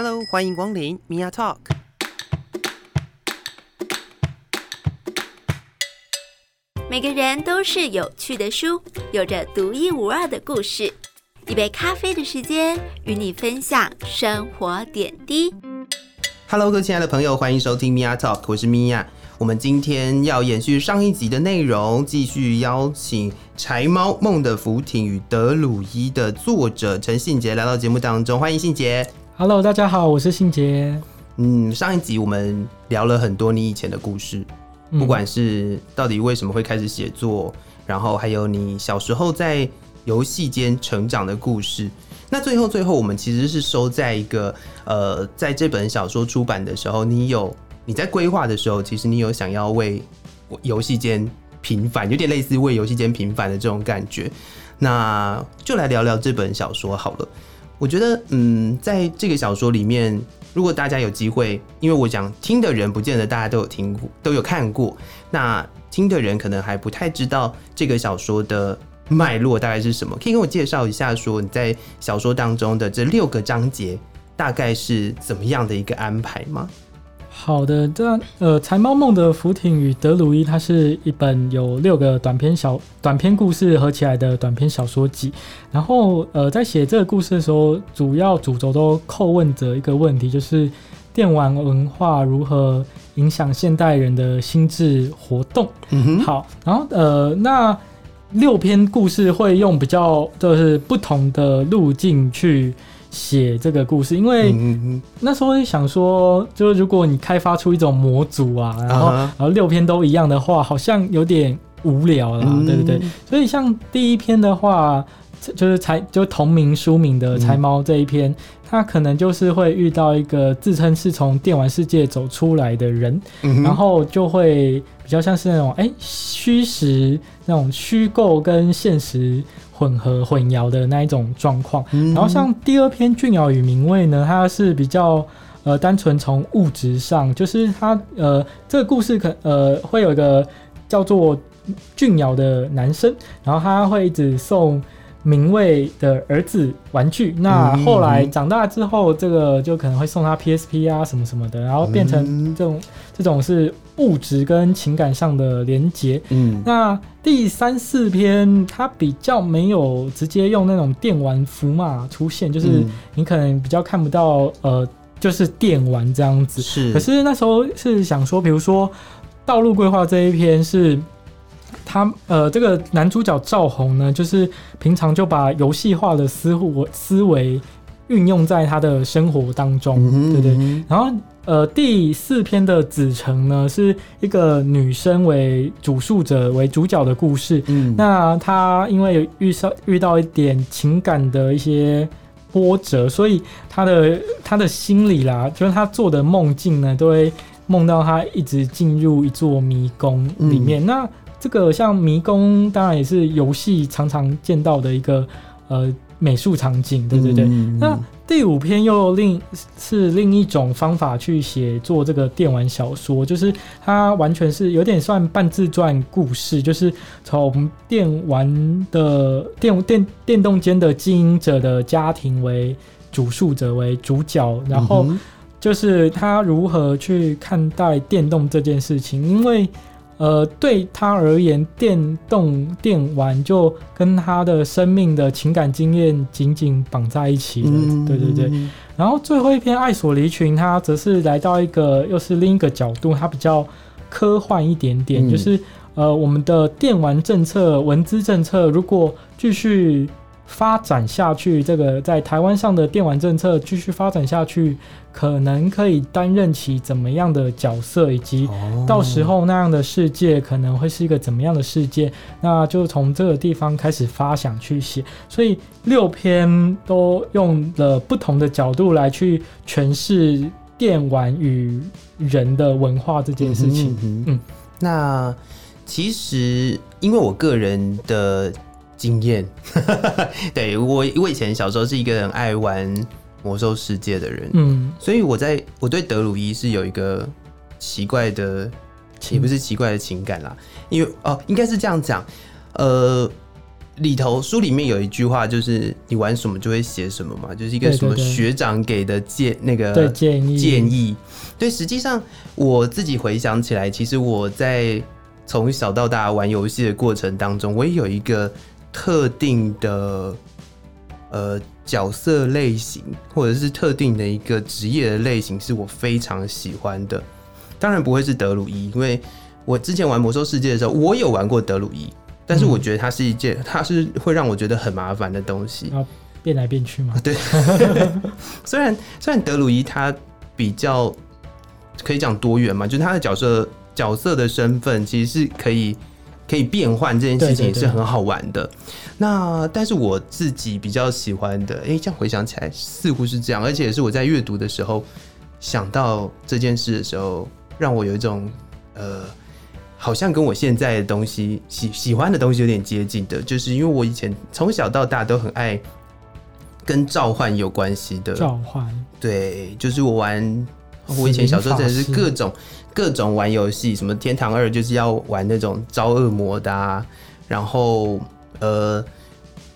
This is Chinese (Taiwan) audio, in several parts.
Hello，歡迎光臨 Mia Talk。每個人都是有趣的書，有着獨一無二的故事。一杯咖啡的時間，與你分享生活點滴。Hello，各位親愛的朋友，歡迎收聽 Mia Talk，我是 Mia。我們今天要延續上一集的內容，繼續邀請《柴貓、夢的浮艇與德魯伊》的作者陳信杰來到節目當中。歡迎信杰。Hello，大家好，我是信傑。嗯，上一集我們聊了很多你以前的故事，嗯、不管是到底為什麼會開始寫作，然後還有你小時候在遊戲間成長的故事。那最後最後，我們其實是收在一個呃，在這本小說出版的時候你，你有你在規劃的時候，其實你有想要為遊戲間平反，有點類似為遊戲間平反的這種感覺。那就來聊聊這本小說好了。我覺得，嗯，在這個小說裡面，如果大家有機會，因為我想聽的人不見得大家都有聽過，都有看過，那聽的人可能還不太知道這個小說的脈絡大概是什麼，可以跟我介紹一下，說你在小說當中的這六個章節大概是怎麼樣的一個安排嗎？好的，這呃，《柴貓、夢的浮艇與德魯伊》，它是一本有六個短篇小短篇故事合起來的短篇小說集。然後呃，在寫這個故事的時候，主要主軸都扣問着一個問題，就是電玩文化如何影響現代人的心智活動。嗯哼，好。然後呃，那六篇故事會用比較就是不同的路徑去。寫這個故事，因為那時候也想說，就是如果你開發出一種模組啊，嗯、哼然後然後六篇都一樣的話，好像有點無聊啦，嗯、哼對不對,對？所以像第一篇的話，就是柴就同名書名的《柴貓》這一篇，它、嗯、可能就是會遇到一個自稱是從電玩世界走出來的人，嗯、哼然後就會比較像是那種誒，虛、欸、實那種虛構跟現實。混合混淆的那一種狀況，嗯、哼然後像第二篇《俊瑤與明衛》呢，它是比較呃單純從物質上，就是他呃這個故事可呃會有一個叫做俊瑤的男生，然後他會一直送明衛的兒子玩具，嗯、哼那後來長大之後，這個就可能會送他 P S P 啊什麼什麼的，然後變成這種、嗯、哼這種是。物質跟情感上的連接。嗯，那第三四篇它比較沒有直接用那種電玩符碼出現，嗯，就是你可能比較看不到，呃，就是電玩這樣子。是，可是那時候是想說，比如說道路規劃這一篇是他，他呃，這個男主角趙紅呢，就是平常就把遊戲化的思維思維運用在他的生活當中，嗯哼嗯哼對不對，對？然後。呃，第四篇的紫成呢，是一個女生為主述者為主角的故事。嗯，那她因為有遇上遇到一點情感的一些波折，所以她的她的心裡啦，就是她做的夢境呢，都會夢到她一直進入一座迷宮裡面。嗯，那這個像迷宮，當然也是遊戲常常見到的一個呃。美術場景，對對對。嗯，那第五篇又另是另一種方法去寫作這個電玩小說，就是它完全是有點算半自傳故事，就是從電玩的電電電動間的經營者的家庭為主述者為主角，然後就是他如何去看待電動這件事情，因為。呃，對他而言，電動電玩就跟他的生命的情感經驗緊緊綁在一起了。嗯、對對對。然後最後一篇《愛索離群》，它則是來到一個又是另一個角度，它比較科幻一點點，嗯、就是呃，我們的電玩政策、文資政策如果繼續。發展下去，這個在台灣上的電玩政策繼續發展下去，可能可以擔任起怎麼樣的角色，以及到時候那樣的世界可能會是一個怎麼樣的世界？哦、那就從這個地方開始發想去寫。所以六篇都用了不同的角度來去詮釋電玩與人的文化這件事情。嗯、嗯、嗯，那其實因為我個人的。經驗， 對，我我以前小時候是一個很愛玩魔獸世界的人，嗯，所以我在我對德魯伊是有一個奇怪的，也不是奇怪的情感啦，嗯、因為哦，應該是這樣講，呃，裡頭書裡面有一句話，就是你玩什麼就會寫什麼嘛，就是一個什麼學長給的建，對對對，那個建議，對，建議，對，實際上我自己回想起來，其實我在從小到大玩遊戲的過程當中，我也有一個。特定的呃角色類型，或者是特定的一個職業的類型，是我非常喜歡的。當然不會是德魯伊，因為我之前玩魔獸世界的時候，我有玩過德魯伊，但是我覺得它是一件，嗯。它是會讓我覺得很麻煩的東西。啊，變來變去嘛？對 雖。雖然雖然德魯伊它比較可以講多元嘛，就是它的角色角色的身份其實是可以。可以變換這件事情也是很好玩的。對對對。那但是我自己比較喜歡的，哎、欸，這樣回想起來似乎是這樣，而且也是我在閱讀的時候想到這件事的時候，讓我有一種呃，好像跟我現在的東西喜喜歡的東西有點接近的，就是因為我以前從小到大都很愛跟召喚有關係的召喚，對，就是我玩。我以前小時候真的是各種各種玩遊戲，什麼《天堂二》就是要玩那種招惡魔的啊，然後呃，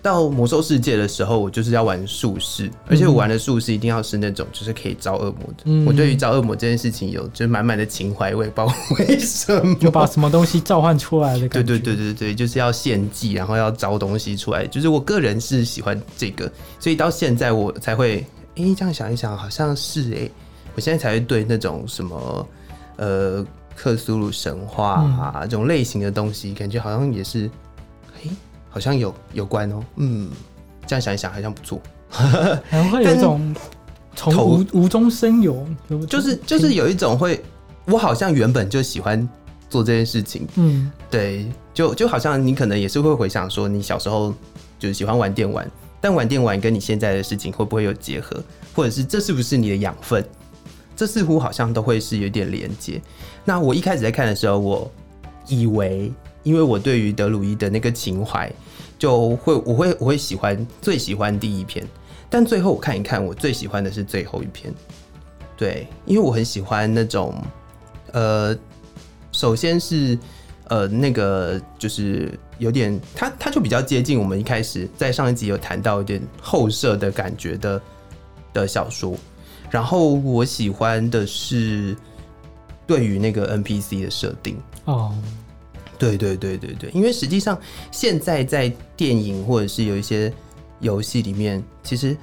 到《魔獸世界》的時候，我就是要玩術士，而且我玩的術士一定要是那種就是可以招惡魔的。嗯、我對於招惡魔這件事情有就滿滿的情懷，我也不知道為什麼就把什麼東西召喚出來的感覺？對對對對對，就是要獻祭，然後要招東西出來。就是我個人是喜歡這個，所以到現在我才會哎、欸，這樣想一想，好像是哎、欸。我現在才會對那種什麼，呃，克蘇魯神話啊、嗯、這種類型的東西，感覺好像也是，誒、欸，好像有有關哦、喔。嗯，這樣想一想，好像不錯。 還會有一種從但無無中生有，頭就是就是有一種會，嗯、我好像原本就喜歡做這件事情。嗯，對，就就好像你可能也是會回想說，你小時候就是喜歡玩電玩，但玩電玩跟你現在的事情會不會有結合，或者是這是不是你的養分？這似乎好像都會是有點連接。那我一開始在看的時候，我以為，因為我對於德魯伊的那個情懷，就會我會我會喜歡最喜歡第一篇，但最後我看一看，我最喜歡的是最後一篇。對，因為我很喜歡那種，呃，首先是呃那個就是有點，他他就比較接近我們一開始在上一集有談到一點後設的感覺的的小說。然後我喜歡的是對於那個 NPC 的設定哦，Oh. 對對對對對，因為實際上現在在電影或者是有一些遊戲裡面，其實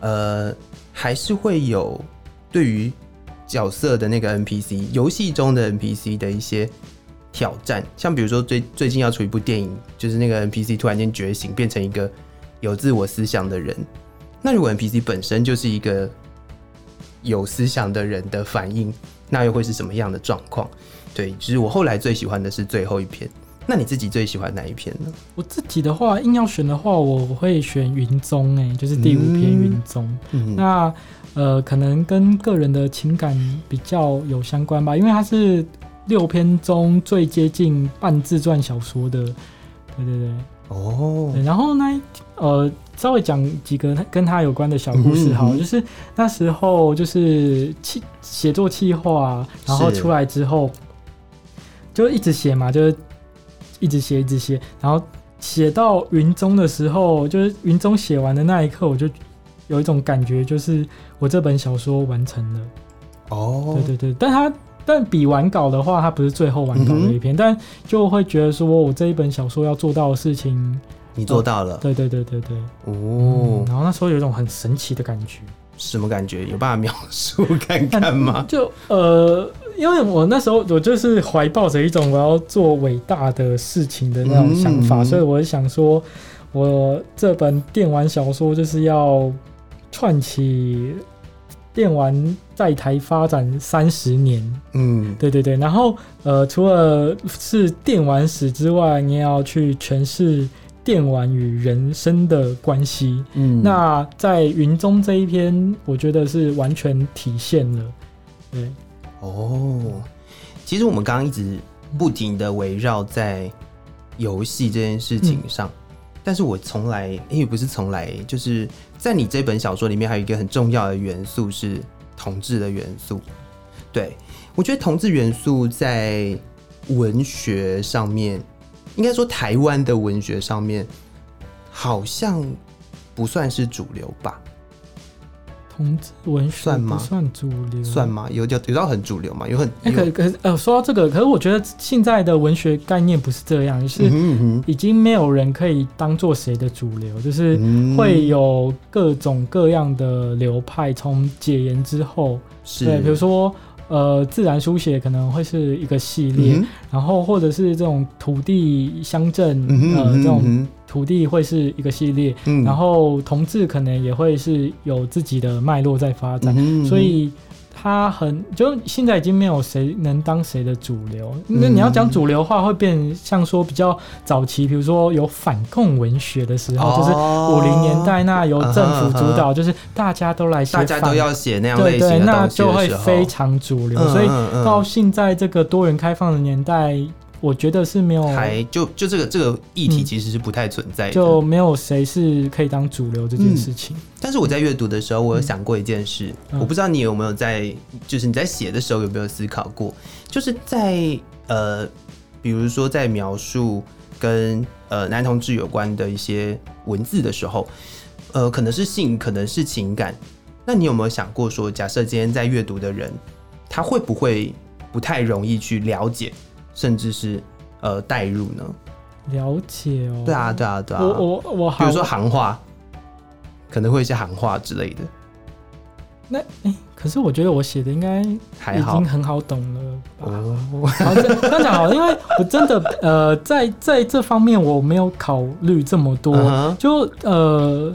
呃還是會有對於角色的那個 NPC 遊戲中的 NPC 的一些挑戰，像比如說最最近要出一部電影，就是那個 NPC 突然間覺醒，變成一個有自我思想的人，那如果 NPC 本身就是一個。有思想的人的反應，那又會是什麼樣的狀況？對，其實我後來最喜歡的是最後一篇。那你自己最喜歡哪一篇呢？我自己的話，硬要選的話，我會選雲中、欸，哎，就是第五篇雲中。嗯嗯、那呃，可能跟個人的情感比較有相關吧，因為它是六篇中最接近半自傳小說的。對對對，哦對。然後呢，呃。稍微講幾個跟他有關的小故事，好，嗯嗯嗯、就是那時候就是氣寫作企劃，然後出來之後就一直寫嘛，就是一直寫一直寫，然後寫到雲中的時候，就是雲中寫完的那一刻，我就有一種感覺，就是我這本小說完成了。哦，對對對，哦，但他但比完稿的話，他不是最後完稿那一篇，嗯嗯，但就會覺得說我這一本小說要做到的事情。你做到了。哦，對對對對對哦，嗯。然後那時候有一種很神奇的感覺，什麼感覺？有辦法描述看看嗎？就呃，因為我那時候我就是懷抱着一種我要做偉大的事情的那種想法，嗯、所以我想說，我這本電玩小說就是要串起電玩在台發展三十年。嗯，對對對。然後呃，除了是電玩史之外，你也要去詮釋，電玩與人生的關係，嗯，那在雲中這一篇，我覺得是完全體現了。對，哦，其實我們剛剛一直不停地圍繞在遊戲這件事情上，嗯，但是我從來，也不是從來，就是在你這本小說裡面，還有一個很重要的元素是同志的元素。對，我覺得同志元素在文學上面。應該說，台灣的文學上面好像不算是主流吧。同志文學算嗎？算主流算？算嗎？有，有有到很主流嘛？有很……哎、欸，可可是呃，說到這個，可是我覺得現在的文學概念不是這樣，就是已經沒有人可以當做誰的主流，就是會有各種各樣的流派。從解嚴之後，是對，比如說。呃，自然書寫可能會是一個系列，嗯、哼然後或者是這種土地鄉鎮，嗯、哼呃，這種土地會是一個系列，嗯、哼然後同志可能也會是有自己的脈絡在發展，嗯、哼所以。他很，就現在已經沒有誰能當誰的主流。嗯、那你要講主流的話，會變像說比較早期，比如說有反共文學的時候，哦、就是五零年代那由政府主導，啊、哈哈就是大家都來寫，大家都要寫那樣類型的東西，對對對，那就會非常主流。嗯嗯嗯，所以到現在這個多元開放的年代。我覺得是沒有還，還就就這個這個議題其實是不太存在的，嗯、就沒有誰是可以當主流這件事情。嗯、但是我在閱讀的時候，嗯、我有想過一件事，嗯、我不知道你有沒有在，就是你在寫的時候有沒有思考過，就是在呃，比如說在描述跟呃男同志有關的一些文字的時候，呃，可能是性，可能是情感，那你有沒有想過說，假設今天在閱讀的人，他會不會不太容易去了解？甚至是呃代入呢？了解哦。對啊，對啊，對啊。我我我，我我好比如說行話，可能會一些行話之類的。那哎，可是我覺得我寫的應該還好，已經很好懂了吧？我剛好因為我真的呃，在在這方面我沒有考慮這麼多。嗯、哼就呃，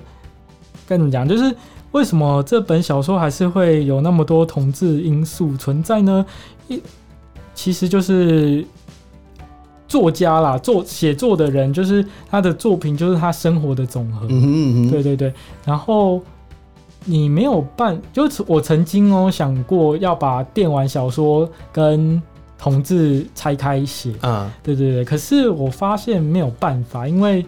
該怎麼講？就是為什麼這本小說還是會有那麼多同志因素存在呢？一。其實就是作家啦，作寫作的人，就是他的作品，就是他生活的總和。嗯哼嗯嗯，對對對。然後你沒有辦法，就是我曾經哦想過要把電玩小說跟同志拆開寫啊，嗯、對對對。可是我發現沒有辦法，因為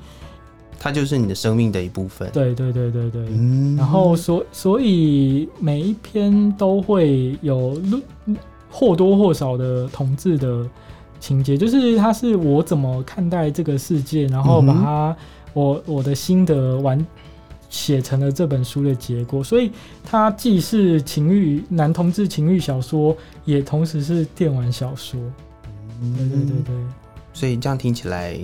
它就是你的生命的一部分。對對，對對對對對。嗯、哼然後，所所以每一篇都會有錄或多或少的同志的情節，就是它是我怎麼看待這個世界，然後把它、嗯、哼我我的心得完寫成了這本書的結果。所以它既是情欲男同志情欲小說，也同時是電玩小說。嗯、對對對對，所以這樣聽起來，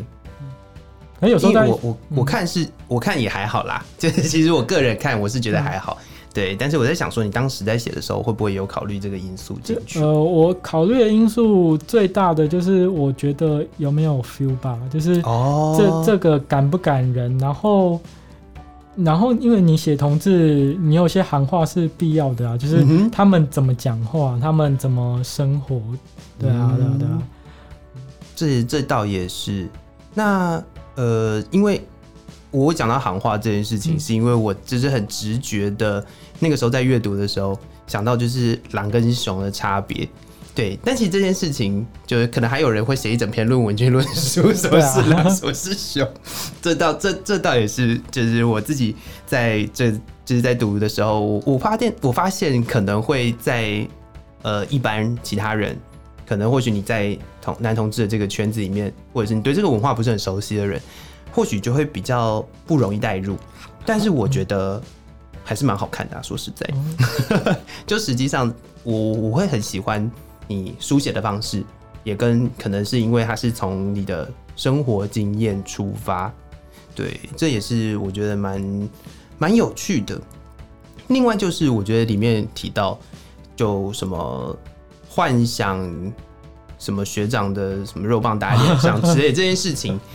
能、欸、有時候大我我、嗯、我看是我看也還好啦，就是其實我個人看我是覺得還好。對，但是我在想說，你當時在寫的時候，會不會有考慮這個因素進去？呃，我考慮的因素最大的就是，我覺得有沒有 feel 吧，就是這、哦、這個感不感人？然後，然後因為你寫同志，你有些行話是必要的啊，就是他們怎麼講話，嗯哼，他們怎麼生活，對啊，對啊，對啊。嗯、這這倒也是。那呃，因為。我講到行話這件事情，是因為我就是很直覺的，那個時候在閱讀的時候想到就是狼跟熊的差別，對。但其實這件事情，就是可能還有人會寫一整篇論文去論述什麼是狼，什麼是熊 這。這倒這這倒也是，就是我自己在這就，就是在讀的時候，我發現我發現可能會在呃一般其他人，可能或許你在同男同志的這個圈子裡面，或者是你對這個文化不是很熟悉的人。或許就會比較不容易帶入，但是我覺得還是蠻好看的啊。說實在， 就實際上我我會很喜歡你書寫的方式，也跟可能是因為他是從你的生活經驗出發，對，這也是我覺得蠻蠻有趣的。另外就是我覺得裡面提到就什麼幻想什麼學長的什麼肉棒打臉上之類，這件事情。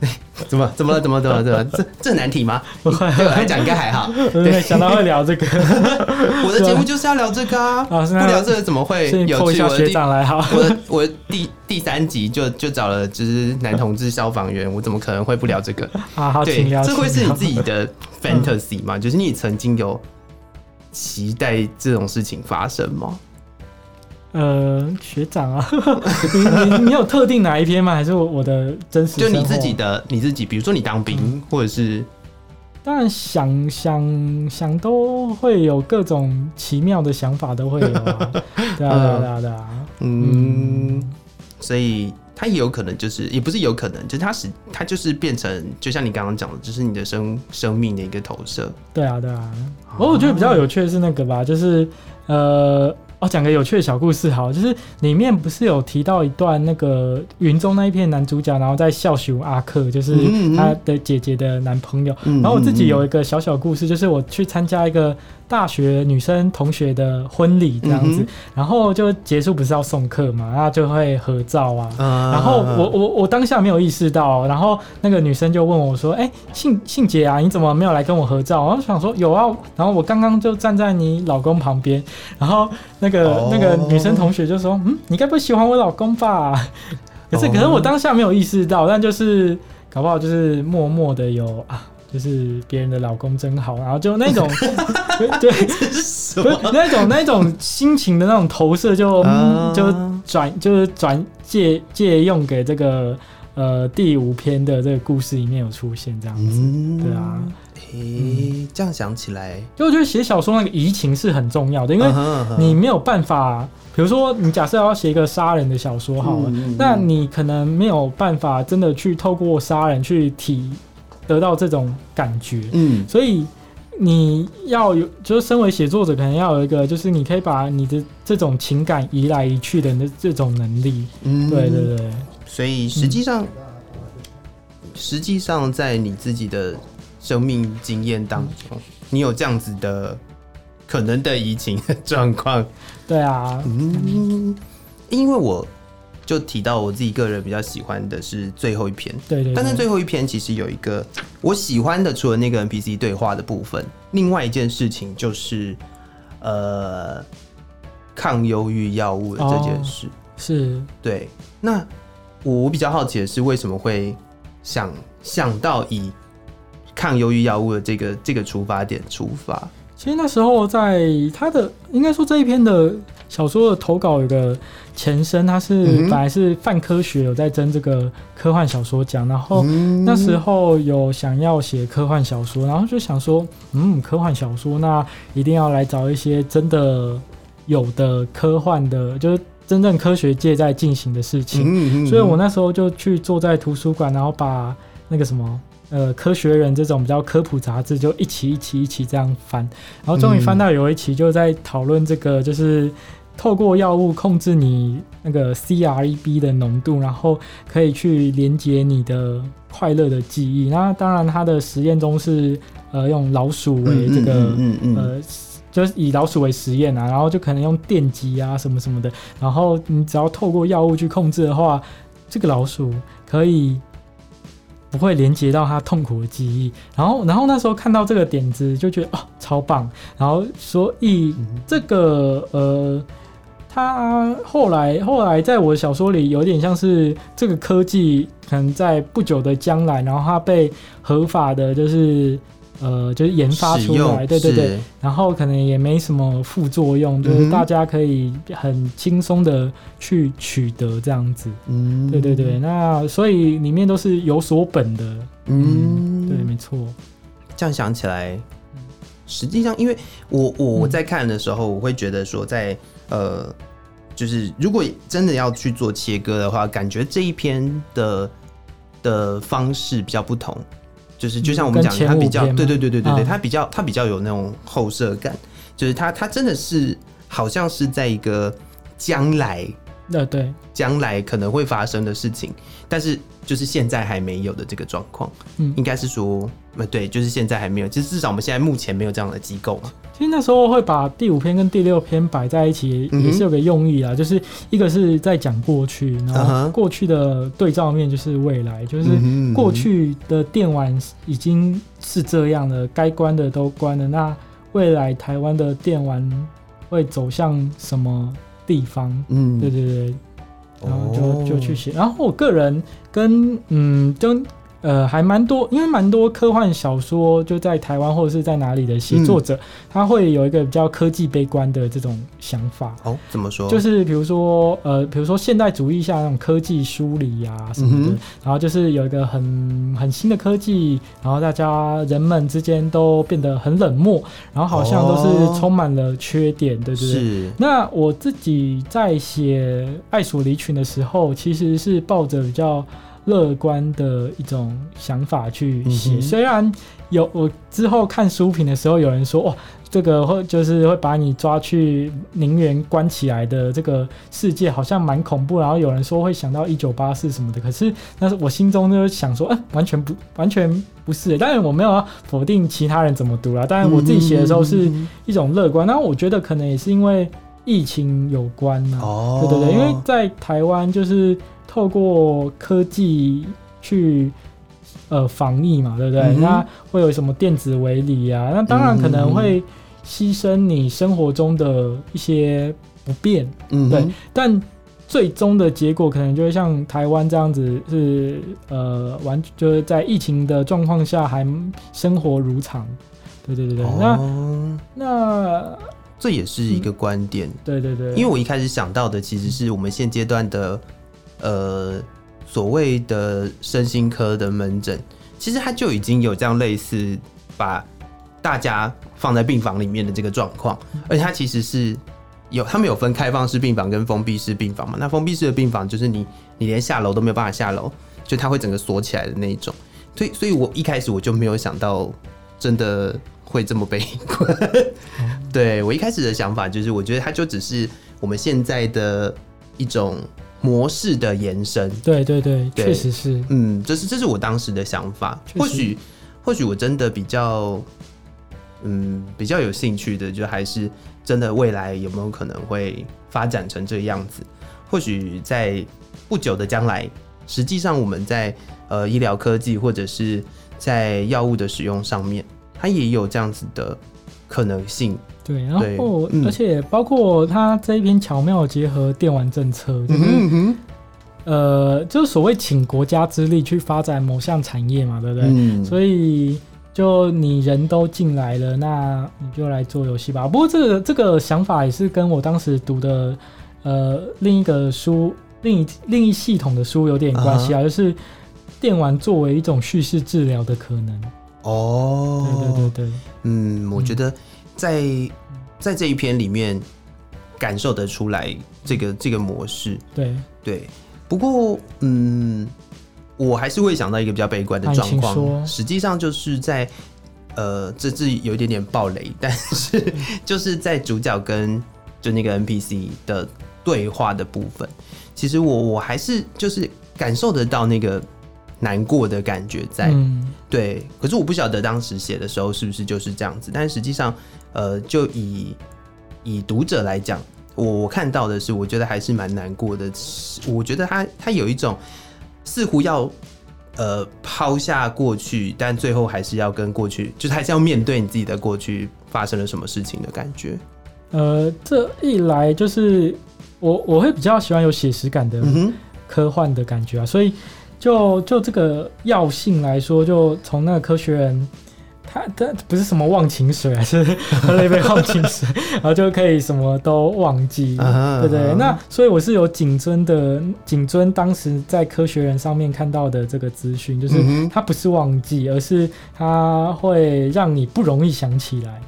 哎，怎麼怎麼了？怎麼怎麼怎麼？這這難題嗎？對我來講應該還好。沒想到會聊這個，我的節目就是要聊這個啊！不聊這個怎麼會有趣？後校學長來哈。我第第三集就就找了就是男同志消防員，我怎麼可能會不聊這個？啊，對，這會是你自己的 fantasy 嘛，就是你曾經有期待這種事情發生嗎？呃，學長啊，呵呵你你，你有特定哪一篇嗎？還是我我的真實？就你自己的你自己，比如說你當兵，嗯、或者是當然想想想都會有各種奇妙的想法，都會有啊，對啊對啊對啊，對啊對啊對啊嗯，嗯，所以它也有可能就是也不是有可能，就是它是它就是變成就像你剛剛講的，就是你的生生命的一個投射，對啊對啊。對啊 oh, 嗯、我覺得比較有趣的是那個吧，就是呃。哦，講個有趣的小故事好，就是裡面不是有提到一段那個雲中那一片男主角，然後在笑熊阿克，就是他的姐姐的男朋友。嗯嗯，然後我自己有一個小小故事，就是我去參加一個。大學女生同學的婚禮這樣子，嗯、哼然後就結束不是要送客嘛，然後就會合照啊。嗯、然後我我我當下沒有意識到，然後那個女生就問我說：“誒、欸，信信傑啊，你怎麼沒有來跟我合照？”我就想說：“有啊。”然後我剛剛就站在你老公旁邊。然後那個、哦、那個女生同學就說：“嗯，你該不會喜歡我老公吧？”可、嗯、是可是我當下沒有意識到，但就是搞不好就是默默的有啊。就是別人的老公真好，然後就那種， 對，那種那種心情的那種投射就，啊嗯，就就轉就是轉借借用給這個呃第五篇的這個故事裡面有出現這樣子，嗯、對啊，誒、欸，嗯、這樣想起來，就我覺得寫小說那個移情是很重要的，因為你沒有辦法，比如說你假設要寫一個殺人的小說好了，嗯、那你可能沒有辦法真的去透過殺人去體，得到這種感覺，嗯，所以你要有，就是身為寫作者，可能要有一個，就是你可以把你的這種情感移來移去的那這種能力，嗯、對對對。所以實際上，嗯、實際上在你自己的生命經驗當中，嗯、你有這樣子的可能的移情的狀況，對啊，嗯，嗯，因為我。就提到我自己個人比較喜歡的是最後一篇，對，對對。但是最後一篇其實有一個我喜歡的，除了那個 NPC 對話的部分，另外一件事情就是，呃，抗憂鬱藥物的這件事。哦，是。對，那我，我比較好奇的是，為什麼會想想到以抗憂鬱藥物的這個這個出發點出發？其實那時候，在他的應該說這一篇的小說的投稿有個前身，他是本來是泛科學有在徵這個科幻小說獎，然後那時候有想要寫科幻小說，然後就想說，嗯，科幻小說那一定要來找一些真的有的科幻的，就是真正科學界在進行的事情，所以我那時候就去坐在圖書館，然後把那個什麼。呃，科學人這種比較科普雜誌，就一期一期一期這樣翻，然後終於翻到有一期，就在討論這個，就是透過藥物控制你那個 CREB 的濃度，然後可以去連接你的快樂的記憶。那當然，它的實驗中是呃用老鼠為這個嗯、呃，就是以老鼠為實驗啊，然後就可能用電擊啊什麼什麼的，然後你只要透過藥物去控制的話，這個老鼠可以。不會連接到他痛苦的記憶，然後，然後那時候看到這個點子就覺得哦超棒。然後，所以這個呃，他後來後來在我的小說裡，有點像是這個科技可能在不久的將來，然後他被合法的，就是。呃，就是研發出來，用對對對，是然後可能也沒什麼副作用，嗯、哼就是大家可以很輕鬆的去取得這樣子。嗯，對對對，那所以裡面都是有所本的。嗯，嗯，對，沒錯。這樣想起來，實際上，因為我我我在看的時候，我會覺得說在，在、嗯、呃，就是如果真的要去做切割的話，感覺這一篇的的方式比較不同。就是就像我們講，他比較，對對對對對對，對，他比較他比較有那種後設感，就是他他真的是好像是在一個將來，那對，將來可能會發生的事情，但是就是現在還沒有的這個狀況，嗯，應該是說。呃，對，就是現在還沒有，就是至少我們現在目前沒有這樣的機構嘛。其實那時候會把第五篇跟第六篇擺在一起，嗯、也是有個用意啊，就是一個是在講過去，然後過去的對照面就是未來，嗯、哼就是過去的電玩已經是這樣了，該、嗯、哼關的都關了，那未來台灣的電玩會走向什麼地方？嗯，對對對，然後就、哦、就去寫。然後我個人跟嗯，跟。呃，還蠻多，因為蠻多科幻小說就在台灣或者是在哪裡的寫作者，嗯、他會有一個比較科技悲觀的這種想法。哦，怎麼說？就是比如說，呃，比如說現代主義下那種科技疏離啊什麼的。嗯、哼然後就是有一個很很新的科技，然後大家人們之間都變得很冷漠，然後好像都是充滿了缺點，是是，對不對？是。那我自己在寫《愛所離群》的時候，其實是抱着比較。樂觀的一種想法去寫，雖然有我之後看書評的時候，有人說哦，這個會就是會把你抓去寧園關起來的這個世界好像蠻恐怖，然後有人說會想到一九八四什麼的，可是但是我心中就想說，哎、呃，完全不，完全不是。當然我沒有要否定其他人怎麼讀啦，當然我自己寫的時候是一種樂觀，那、嗯、我覺得可能也是因為疫情有關嘛，哦，對對對，因為在台灣就是。透過科技去呃防疫嘛，對不對？嗯、哼那會有什麼電子圍籬呀？啊？那當然可能會犧牲你生活中的一些不便，嗯哼，對。但最終的結果可能就會像台灣這樣子是，是呃完就是在疫情的狀況下還生活如常，對對對對、哦。那那這也是一個觀點，嗯、對對對。因為我一開始想到的其實是我們現階段的。呃，所謂的身心科的門診，其實它就已經有這樣類似把大家放在病房裡面的這個狀況，而且它其實是有，他們有分開放式病房跟封閉式病房嘛？那封閉式的病房就是你，你連下樓都沒有辦法下樓，就它會整個鎖起來的那一種。所以，所以我一開始我就沒有想到真的會這麼悲觀。 對，我一開始的想法就是，我覺得它就只是我們現在的一種。模式的延伸，對對對，對確實是，嗯，這是這是我當時的想法。或許，或許我真的比較，嗯，比較有興趣的，就還是真的未來有沒有可能會發展成這樣子？或許在不久的將來，實際上我們在呃醫療科技或者是在藥物的使用上面，它也有這樣子的。可能性，對，然後、嗯、而且包括他這一篇巧妙結合電玩政策，就是嗯哼嗯哼、呃，就是所謂請國家之力去發展某項產業嘛，對不對？嗯、所以就你人都進來了，那你就來做遊戲吧。不過這個這個想法也是跟我當時讀的呃另一個書，另一另一系統的書有點關係啊哈，就是電玩作為一種敘事治療的可能。哦，oh, 對對對對，嗯，我覺得在在這一篇裡面感受得出來這個這個模式，對對。不過，嗯，我還是會想到一個比較悲觀的狀況，實際上就是在呃，這是有一點點爆雷，但是就是在主角跟就那個 NPC 的對話的部分，其實我我還是就是感受得到那個。難過的感覺在，嗯、對，可是我不曉得當時寫的時候是不是就是這樣子，但實際上，呃，就以以讀者來講，我我看到的是，我覺得還是蠻難過的，我覺得他他有一種似乎要呃拋下過去，但最後還是要跟過去，就是還是要面對你自己的過去發生了什麼事情的感覺。呃，這一來就是我我會比較喜歡有寫實感的科幻的感覺啊，嗯哼。所以。就就這個藥性來說，就從那個科學人，他他不是什麼忘情水，還 是喝了一杯忘情水， 然後就可以什麼都忘記，uh huh. 對不對，對？那所以我是有謹遵的，謹遵當時在科學人上面看到的這個資訊，就是它不是忘記，uh huh. 而是它會讓你不容易想起來。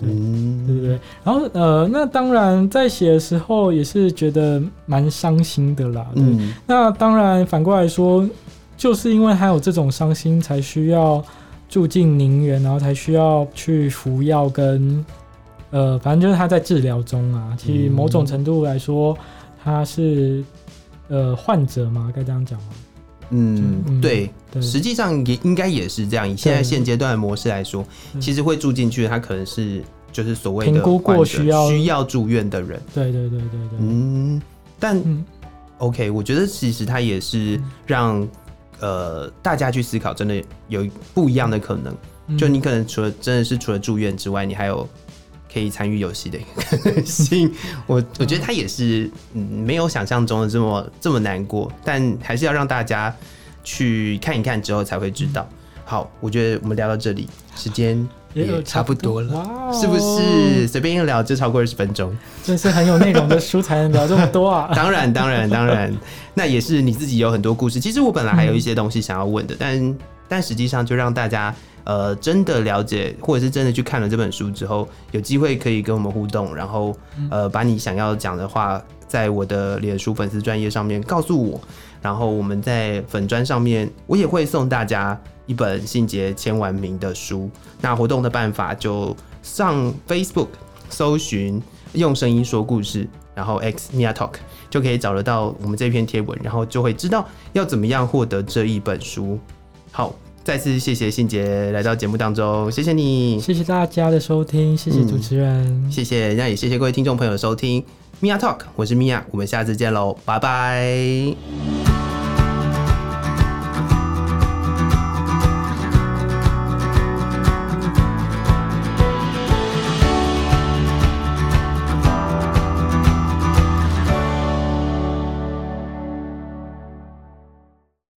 對，嗯、對對對，然後呃，那當然在寫的時候也是覺得蠻傷心的啦。對，嗯，那當然反過來說，就是因為他有這種傷心，才需要住進寧園，然後才需要去服藥跟呃，反正就是他在治療中啊。其實某種程度來說，他是呃患者嘛，該這樣講嗎？嗯，嗯對，對，實際上也應該也是這樣。對以現在現階段的模式來說，對其實會住進去的，他可能是就是所謂的需要需要住院的人。對對對對對。嗯，但嗯 OK，我覺得其實他也是讓、嗯、呃大家去思考，真的有不一樣的可能。嗯、就你可能除了真的是除了住院之外，你還有。可以參與遊戲的可能性。我我覺得他也是，嗯，沒有想象中的這麼這麼難過，但還是要讓大家去看一看之後才會知道。好，我覺得我們聊到這裡，時間也差不多了，是不是？隨便一聊就超過二十分鐘，這是很有內容的書才能聊這麼多啊！ 當然，當然，當然，那也是你自己有很多故事。其實我本來還有一些東西想要問的，嗯、但但實際上就讓大家。呃，真的了解，或者是真的去看了這本書之後，有機會可以跟我們互動，然後，呃，把你想要講的話，在我的臉書粉絲專頁上面告訴我，然後我們在粉專上面，我也會送大家一本信杰簽完名的書。那活動的辦法就上 Facebook 搜尋“用聲音說故事”，然後 X Mia Talk 就可以找得到我們這篇貼文，然後就會知道要怎麼樣獲得這一本書。好。再次謝謝信傑來到節目當中，謝謝你，謝謝大家的收聽，謝謝主持人，嗯，謝謝，那也謝謝各位聽眾朋友的收聽。Mia Talk，我是 Mia，我們下次見嘍，拜拜。